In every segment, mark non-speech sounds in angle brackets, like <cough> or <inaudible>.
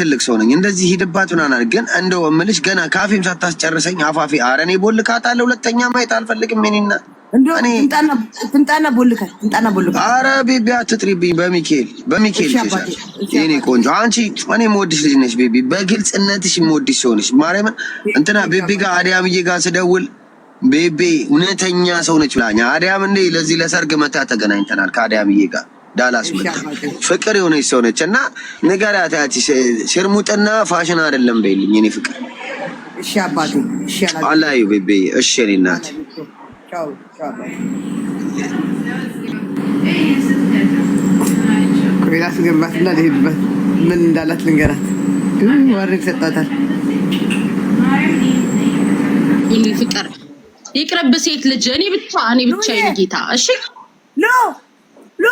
ትልቅ ሰው ነኝ። እንደዚህ ሂድባት ምናምን ግን እንደው እምልሽ ገና ካፌም ሳታስጨርሰኝ አፋፊ አረ እኔ ቦልካታለሁ። ሁለተኛ ማየት አልፈልግም። ሚኒና ትምጣና ቦልካ ትምጣና ቦልካ። ኧረ ቤቢ አትጥሪብኝ፣ በሚካኤል በሚካኤል የእኔ ቆንጆ አንቺ እኔ የምወድሽ ልጅ ነሽ ቤቢ። በግልጽነትሽ የምወድሽ ሰው ነሽ። ማርያምን እንትና ቤቢ ጋር አዲያምዬ ጋር ስደውል ቤቤ እውነተኛ ሰው ነች ብላኛ። አዲያም እንዴ ለዚህ ለሰርግ መታ ተገናኝተናል ከአዲያምዬ ጋር ዳላስ መጣ። ፍቅር የሆነች ሰው ነች እና ንገሪያት፣ ያቺ ሽርሙጥና ፋሽን አይደለም በይልኝ። እኔ ፍቅር እሺ፣ አባቴ እሺ፣ አላዩ ቢቢ እሺ፣ እኔ እናት ስገባትና ልሄድበት ምን እንዳላት ልንገራት። ሰጣታል። ፍቅር ይቅረብ ሴት ልጅ እኔ ብቻ እኔ ብቻ ጌታ እሺ ኖ ኖ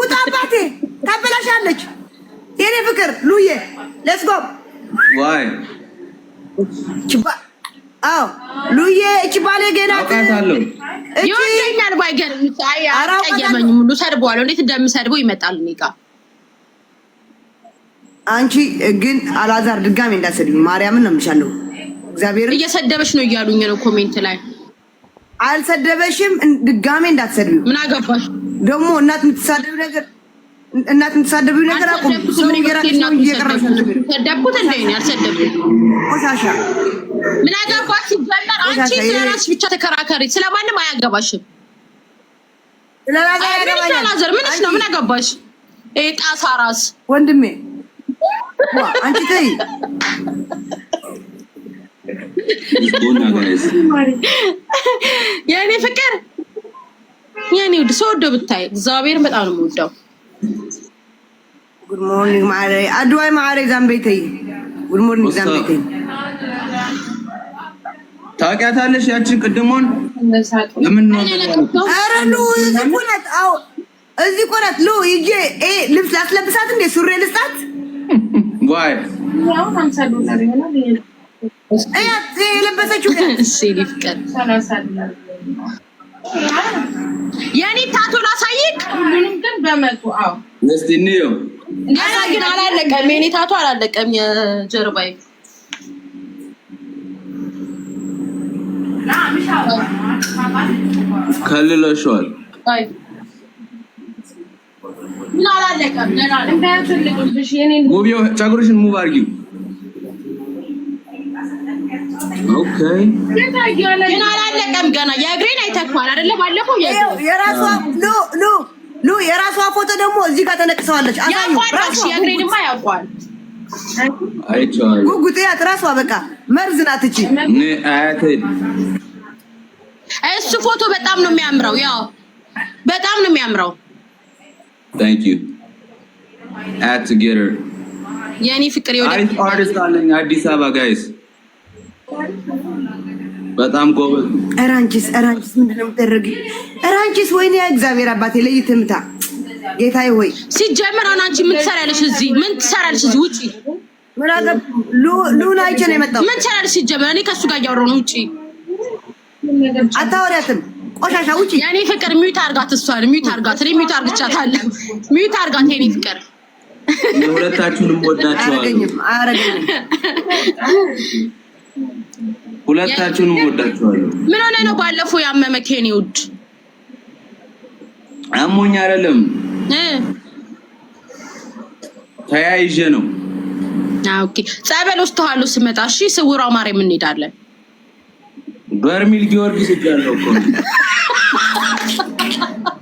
ውጣ አባቴ ታበላሻለች። የኔ ፍቅር ሉዬ ሌትስ ጎ አዎ ሉዬ እቺ ይወደኛል። ባይገርም ሁሉ እንዴት እንደምሰድበው ይመጣል እኔ ጋ። አንቺ ግን አላዛር ድጋሜ እንዳሰድኝ ማርያምን ነው የምልሻለሁ። እግዚአብሔር እየሰደበች ነው እያሉኝ ነው ኮሜንት ላይ አልሰደበሽም። ድጋሜ እንዳትሰድብ። ምን አገባሽ ደግሞ እናት የምትሳደብ ነገር እናት የምትሳደቢው ነገር አቁም። ሰደብኩት እንደ አልሰደብኩም። ቆሻሻ ምን አገባሽ ሲጀመር። አንቺ ስለራስሽ ብቻ ተከራከሪ፣ ስለማንም አያገባሽም። ስለላዘር ምንሽ ነው? ምን አገባሽ? ጣሳ ራስ ወንድሜ አንቺ ተይ የእኔ ፍቅር የእኔ ውድ ሰው ወዶ ብታይ እግዚአብሔርን በጣም ነው የምወደው። ጉድ ሞርኒንግ ማሬ አድዋይ ማሬ ዛምቤቴ ጉድ ሞርኒንግ ዛምቤቴ ታውቂያታለሽ? ያቺ ቅድሞን ለምን ነው ኧረ ሉ አው እዚህ ቆረት ሉ ይጄ ኤ ልብስ ላስለብሳት እንዴ ሱሬ ልስጣት <laughs> ዋይ ያው 50 ዶላር ይሆናል የኔ ታቶ ላሳይቅ ሁሉንም ግን በመቶ አዎ፣ እስቲ እንየው። ገና ግን አላለቀም፣ የኔ ታቶ አላለቀም። የጀርባዬ ከልለሽዋል። ምን አላለቀም? ጸጉርሽን ሙቭ አድርጊው ግን አላለቀም ገና። የእግሬን አይተኳል ባለፈው የራሷ ፎቶ ደግሞ እዚህ ጋር ተነቅሰዋለች። የእግሬንማ ያውቋል። ጉጉጤ በቃ መርዝ ናት እቺ። እሱ ፎቶ በጣም ነው የሚያምረው። ያው በጣም ነው የሚያምረው። ታንክ ዩ አት ቱጌዘር የኔ ፍቅር ይወደድ አዲስ አበባ ጋይስ በጣም ጎበዝ። ኧረ አንቺስ ኧረ አንቺስ ምንድን ነው የምትደረጊው? ኧረ አንቺስ ወይኔ እግዚአብሔር አባቴ ለይተህ ምታ ጌታዬ ወይ ሲጀመር አሁን አንቺ ምን ትሰሪያለሽ እዚህ? ምን ትሰሪያለሽ እዚህ? ውጪ። ሉና አይቼ ነው የመጣሁት። ምን ትሰሪያለሽ እኔ ከእሱ ጋር እያወራሁ ነው። ውጪ፣ አታወሪያትም። ቆሻሻ ውጪ። ፍቅር ሚዩት እሷን ሚዩት እኔ ሚዩት ሚዩት ፍቅር። ወዳችኋለሁ። አያረገኝም፣ ሁለታችሁንም ወዳችኋለሁ። ምን ሆነ ነው ባለፈው ያመመ ኬኒ ውድ አሞኝ አይደለም ተያይዤ ነው። ኦኬ ጸበል ውስጥ ተዋሉ ስመጣ እሺ፣ ስውሯ ማርያም እንሄዳለን። በርሚል ጊዮርጊስ እጃለሁ እኮ <laughs>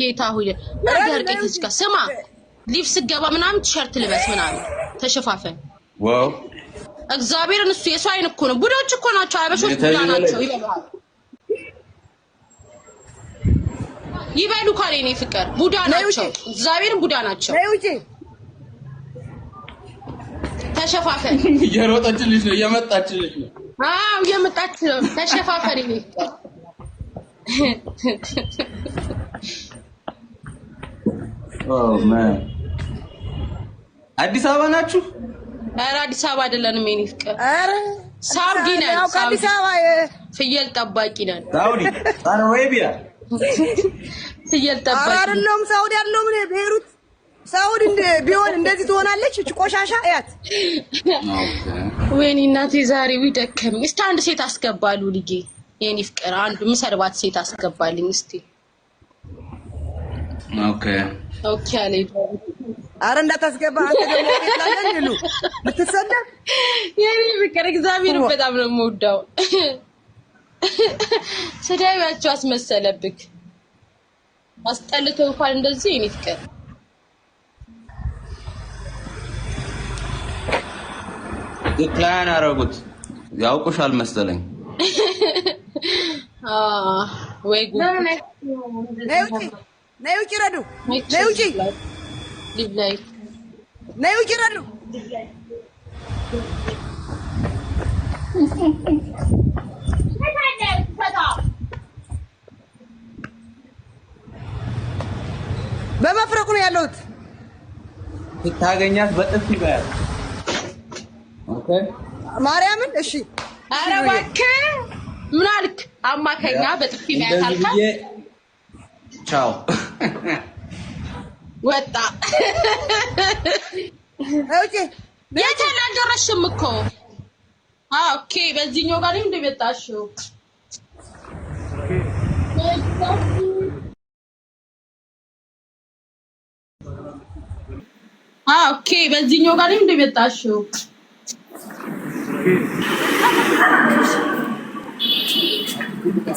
ጌታ ሆይ ነገ እርቄት ጋር ስማ፣ ሊቭ ስገባ ምናምን ቲሸርት ልበስ ምናምን ተሸፋፈን። ዋው እግዚአብሔርን እሱ የሰው አይን እኮ ነው። ቡዳዎች እኮ ናቸው፣ አበሾች ቡዳ ናቸው። ይበላል ይበሉ ካለ እኔ ፍቅር ቡዳ ናቸው፣ እግዚአብሔርን ቡዳ ናቸው። ተሸፋፈን። እየሮጠችልሽ ነው፣ እየመጣችልሽ ነው። አዎ እየመጣች ነው። ተሸፋፈን ይሄ Oh, አዲስ አበባ ናችሁ? ኧረ አዲስ አበባ አይደለንም። የኔ ፍቅር ኧረ ሳውዲ ነን። ከአዲስ አበባ ፍየል ጠባቂ ነን። ሳውዲ አረቢያ ፍየል ጠባቂ ኧረ አይደለሁም። ሳውዲ አይደለሁም። እኔ ቤይሩት ሳውዲ እንደ ቢሆን እንደዚህ ትሆናለች። እች ቆሻሻ እያት። ወይኔ እናቴ ዛሬ ደከመኝ። እስኪ አንድ ሴት አስገባሉ ልጄ፣ የኔ ፍቅር አንዱ የምሰድባት ሴት አስገባልኝ እስኪ ኦኬ ኦኬ አለ አረ እንዳታስገባ አንተ ደግሞ ይላል ይሉ ልትሰደብ የኔ ፍቅር እግዚአብሔር በጣም ነው የምወዳው። ስዳቢያቸው አስመሰለብክ አስጠልቶ እንኳን እንደዚህ የኔ ፍቅር ዲክላይን አደረጉት። ያውቁሻል መሰለኝ። <laughs> አዎ ወይ ጉድ ነይ ውጪ ረዱ፣ ነይ ውጪ፣ ነይ ውጪ ረዱ። በመፍረቁ ነው ያለሁት። ስታገኛት በጥፍ ይበያል። ኦኬ ማርያምን። እሺ፣ ኧረ እባክህ ምን አልክ? አማካኛ በጥፍ ይበያል አልካ። ቻው ወጣ የትን አልደረስሽም እኮ ኦኬ። በዚህኛው ጋር እንደ መጣሽው ኦኬ። በዚህኛው ጋር እንደ መጣሽው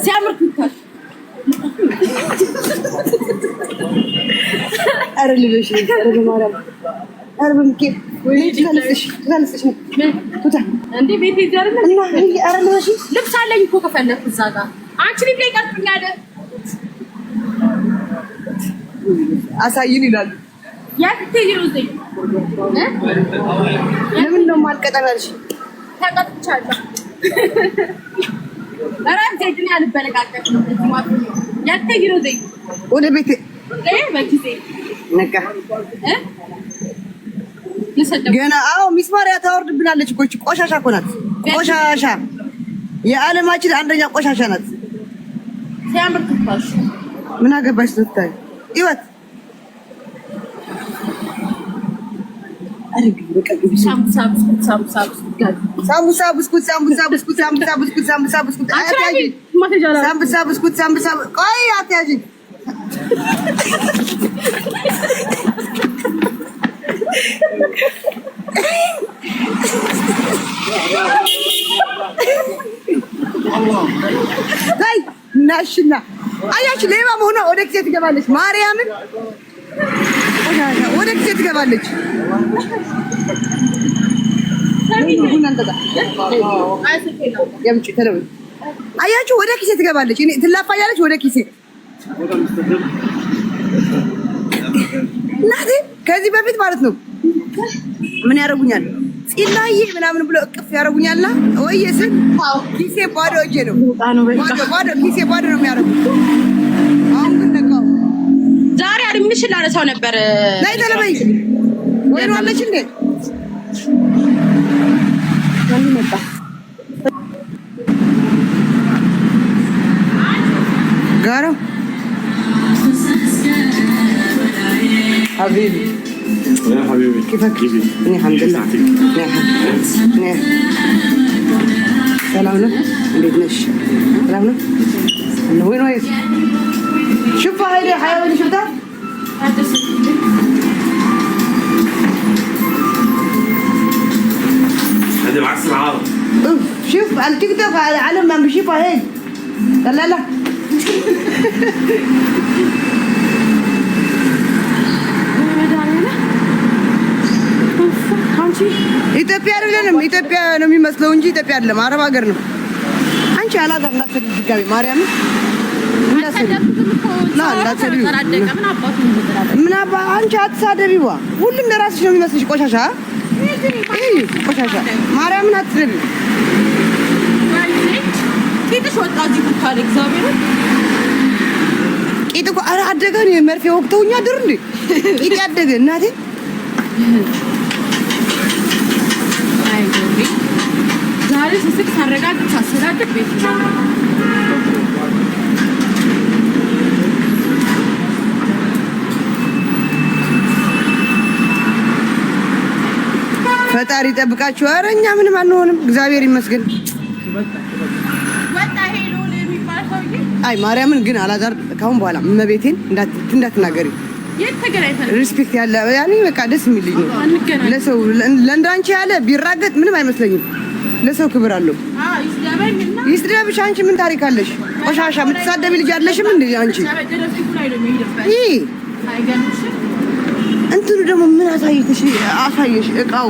ሲያምር ኧረ ልጆች ኧረ በማርያም ኧረ በሚካኤል ልብስ አለኝ እኮ ከፈለክ እዛ ጋር አንቺ ለምን ነው የማልቀጠላልሽ? ተቀጥቻለሁ ወደ ቤቴ ገና አዎ፣ ሚስማሪያ ታወርድብናለች ጎች ቆሻሻ እኮ ናት። ቆሻሻ የዓለማችን አንደኛ ቆሻሻ ናት። ምን አገባሽ? ስታይ ይወት ናሽና አያችሁ ሌባ መሆኗ ወደ ጊዜ ትገባለች ማርያምን ወደ ጊዜ ትገባለች። አያችሁ፣ ወደ ኪሴ ትገባለች። እኔ ትላፋያለች። ወደ ኪሴ እናቴ ከዚህ በፊት ማለት ነው ምን ያደርጉኛል? ፂላዬ ምናምን ብሎ እቅፍ ያደርጉኛልና ወይዬ ስል ኪሴ ባዶ እጄ ነው ባዶ ኪሴ ባዶ ነው የሚያደርጉት አድምሽ ላነሳው ነበር። ናይ ተለበይ ወይ አለች እንዴ ጋራ ሀቢቢ ሰላም ነው። እንዴት ነሽ? ሰላም ነው። هذه العكس العارض شوف على توك العالم ما بيشوفها هيك لا لا ኢትዮጵያ አይደለንም። ኢትዮጵያ ነው የሚመስለው እንጂ ኢትዮጵያ አይደለም፣ አረብ ሀገር ነው። አንቺ አላዛም ድጋሚ ማርያምን ምን አባ አንቺ አትሳደቢዋ። ሁሉም የራስሽ ነው የሚመስልሽ። ቆሻሻ ቆሻሻ፣ ማርያምን አትስደቢ። ቂጥ እኮ ኧረ አደገ። መርፌ ወቅተውኛ ድር እንዴ ቂጥ ያደገ እናቴ ዛሬ ስስቅ ሳረጋግጥ ሳስተዳድቅ ቤት ነው ፈጣሪ ይጠብቃችሁ። አረ እኛ ምንም አንሆንም፣ እግዚአብሔር ይመስገን። አይ ማርያምን ግን አላዛር ካሁን በኋላ እመቤቴን እንዳትናገሪ ሪስፔክት ያለ ያኔ በቃ ደስ የሚል ነው። ለሰው ለእንዳንቺ ያለ ቢራገጥ ምንም አይመስለኝም። ለሰው ክብር አለው። ይስደብሽ። አንቺ ምን ታሪክ አለሽ? ቆሻሻ የምትሳደብ ልጅ አለሽም እንዴ አንቺ? እንትኑ ደግሞ ምን አሳየሽ? እቃው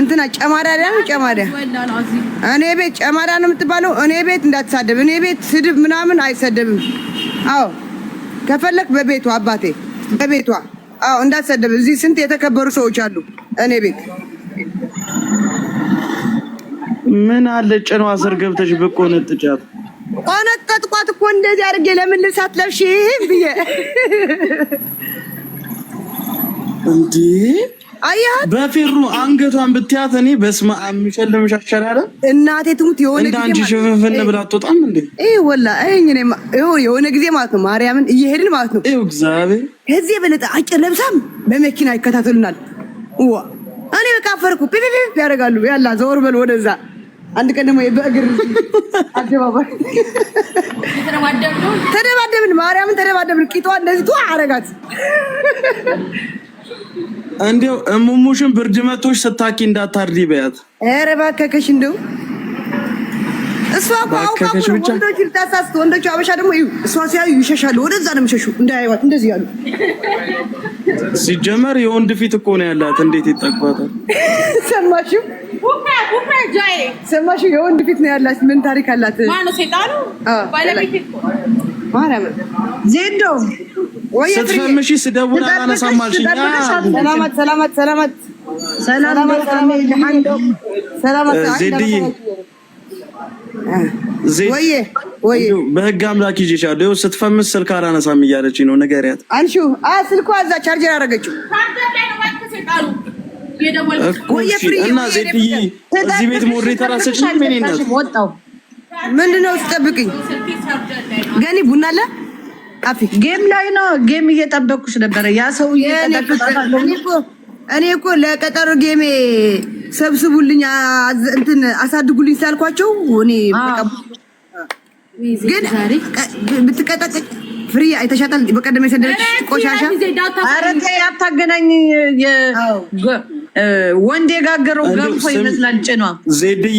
እንትና ጨማዳ ነው ጨማዳ እኔ ቤት ጨማዳ ነው የምትባለው። እኔ ቤት እንዳትሳደብ። እኔ ቤት ስድብ ምናምን አይሰደብም። አዎ ከፈለክ በቤቷ አባቴ በቤቷ አዎ እንዳትሰደብ። እዚህ ስንት የተከበሩ ሰዎች አሉ። እኔ ቤት ምን አለ ጭኗ ስር ገብተሽ ብቆነጥጫት ቆነጠጥቋት እኮ እንደዚህ አድርጌ ለምን ልብሳት ለብሽ ብዬ እንዴ በፌሩ አንገቷን ብትያት እኔ በስመ አብ የሚሸልምሽ አለ እናቴ ትሙት የሆነ ጊዜ እንዳንቺ ሽፍንፍን ብላ አትወጣም እንዴ? ወላ የሆነ ጊዜ ማለት ነው ማርያምን እየሄድን ማለት ነው ይው እግዚአብሔር ከዚህ የበለጠ አጭር ለብሳም በመኪና ይከታተሉናል። ዋ እኔ በቃ አፈርኩ። ፒፒፒ ያደርጋሉ። ያላ ዘወር በል ወደዛ። አንድ ቀን ደግሞ በእግር አደባባይ ተደባደብን። ማርያምን ተደባደብን። ቂጧ እንደዚህ ቷ አረጋት እንዲው እሙሙሽን ብርድ መቶሽ ስታኪ እንዳታርዲ በያት። ኧረ እባክሽ እንደው እሷ እኮ አውቃ ወንዶች ልታሳስት ወንዶች አበሻ ደግሞ እዩ እሷ ሲያዩ ይሸሻሉ። ወደዛ ነው የሚሸሹ እንዳያዩዋት እንደዚህ ያሉ። ሲጀመር የወንድ ፊት እኮ ነው ያላት። እንዴት ይጠቅባታል? ሰማሽው? ሰማሽ፣ የወንድ ፊት ነው ያላት። ምን ታሪክ አላት? ማነው ሴጣኑ? ባለቤት እኮ ዜዶ ስትፈምሺ ስደውል አላነሳም አልሽኝ። ሰላማት ሰላማት ሰላማት በህግ አምላክ ይዤሻለሁ። ስትፈምስ ስልክ አላነሳም እያለችኝ ነው። ንገሪያት። አንሺው። ስልኳ እዛ ቻርጀር አደረገችው። እና ዜድዬ እዚህ ቤት ሞሬ ተራሰች። ምንድነው ስጠብቅኝ ገኒ ቡና አለ አፊ ጌም ላይ ነው። ጌም እየጠበኩሽ ነበረ። ያ ሰው እኔ እኮ ለቀጠሮ ጌሜ ሰብስቡልኝ እንትን አሳድጉልኝ ሳልኳቸው እኔ ግን ብትቀጠቅ ፍሪ አይተሻታል። በቀደም የሰደረች ቆሻሻ ኧረ ተይ አታገናኝ። ወንድ የጋገረው ገንፎ ይመስላል ጭኗ ዜድዬ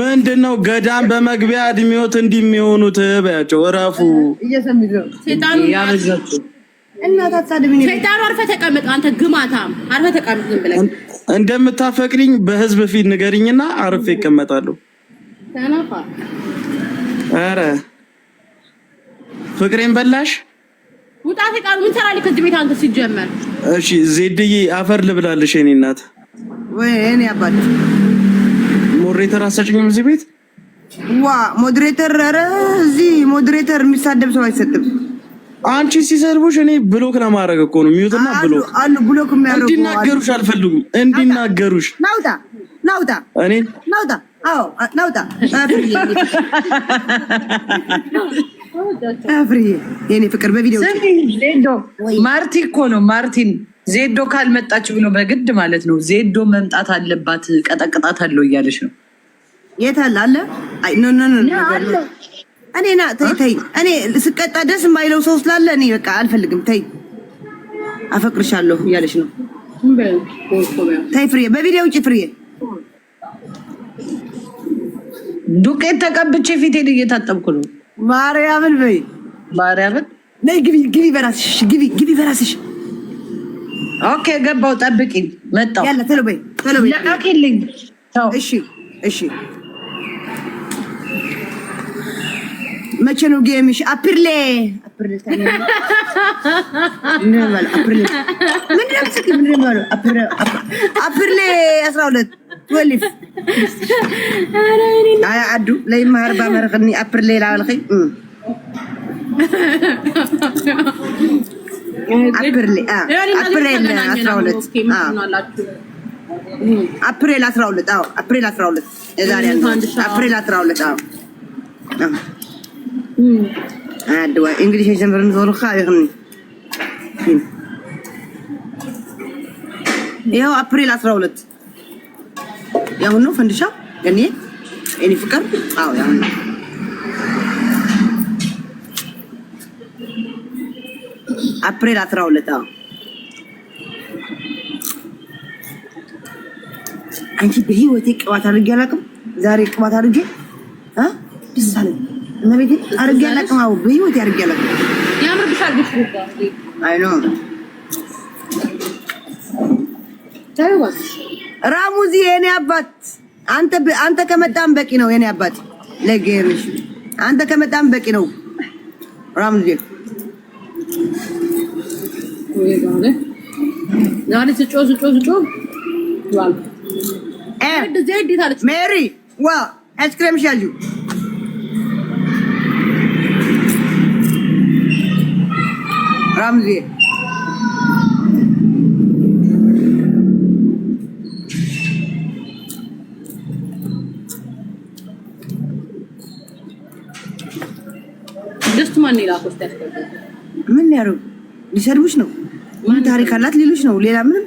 ምንድን ነው ገዳም በመግቢያ እድሜዎት እንዲህ የሚሆኑት? በያቸው እረፉ። ሰይጣኑ አርፈህ ተቀመጥ። አንተ ግማታም አርፈ ተቀመጥ። ዝም ብለህ እንደምታፈቅሪኝ በህዝብ ፊት ንገሪኝና አርፌ ይቀመጣሉ። ኧረ ፍቅሬን በላሽ። ውጣ ሴጣኑ። ምን ሰራልኝ ከዚህ ቤት አንተ ሲጀመር? እሺ ዜድዬ አፈር ልብላልሽ የኔ እናት ወይ እኔ አባቴ ሞዴሬተር አሳጭኝም እዚህ ቤት ዋ ሞዴሬተር፣ ኧረ እዚህ ሞዴሬተር የሚሳደብ ሰው አይሰጥም። አንቺ ሲሰርቡሽ እኔ ብሎክ ለማድረግ እኮ ነው። ሚዩትና ብሎክ አሉ። ብሎክ የሚያደርጉ እንዲናገሩሽ አልፈልጉም። እንዲናገሩሽ ናውጣ፣ ናውጣ፣ እኔ ናውጣ። አዎ ናውጣ። አፍሪ የኔ ፍቅር በቪዲዮ ማርቲ እኮ ነው ማርቲን ዜዶ ካልመጣች ብሎ በግድ ማለት ነው። ዜዶ መምጣት አለባት፣ ቀጠቅጣት አለው እያለች ነው። የት አለ አለ እኔ ና ተይ ተይ። እኔ ስቀጣ ደስ የማይለው ሰው ስላለ እኔ በቃ አልፈልግም። ተይ አፈቅርሻለሁ እያለች ነው። ተይ ፍሬ፣ በቪዲዮ ውጭ ፍሬ። ዱቄት ተቀብቼ ፊቴን እየታጠብኩ ነው። ማርያምን በይ፣ ማርያምን ነይ ግቢ፣ ግቢ በራስሽ ግቢ፣ ግቢ በራስሽ اوكي قبه وطبقي متو يلا تلو بي تلو بي اوكي اللي اشي اشي ما كانوا جيمش ابرلي ابرلي ابرلي من نفسك من ريمال ابرلي ابرلي 12 تولف يا عدو لا يما ربا مرغني ابرلي لا ولخي <laughs> አፕሪል አስራ ሁለት አፕሪል አስራ የዛሬ አፕሪል አስራ ሁለት አድዋ እንግሊሽ የጀምርን ዞርካ ይኽኒ ይኸው አፕሪል አስራ ያሁን ነው ፈንድሻ ገኒ የእኔ ፍቅር አዎ ያሁን ነው አፕሪል 12 አዎ። አንቺ በህይወቴ ቅባት አድርጌ አላውቅም። ዛሬ ቅባት አድርጌ አ ደስ አለኝ። እመቤቴ አድርጌ አላውቅም። አዎ በህይወቴ አድርጌ አላውቅም። ያምርብሻል። አይ ኖ ራሙዚ የኔ አባት አንተ አንተ ከመጣም በቂ ነው። የኔ አባት ለጌርሽ አንተ ከመጣም በቂ ነው ራሙዚ ዛሬ ስጮ ስጮ ስጮ ሜሪ ዋ አይስክሬም ሻዩ ራምዜ ማን ላኮስ ምን ያደርጉ ሊሰድቡሽ ነው ምን ታሪክ አላት? ሌሎች ነው ሌላ ምንም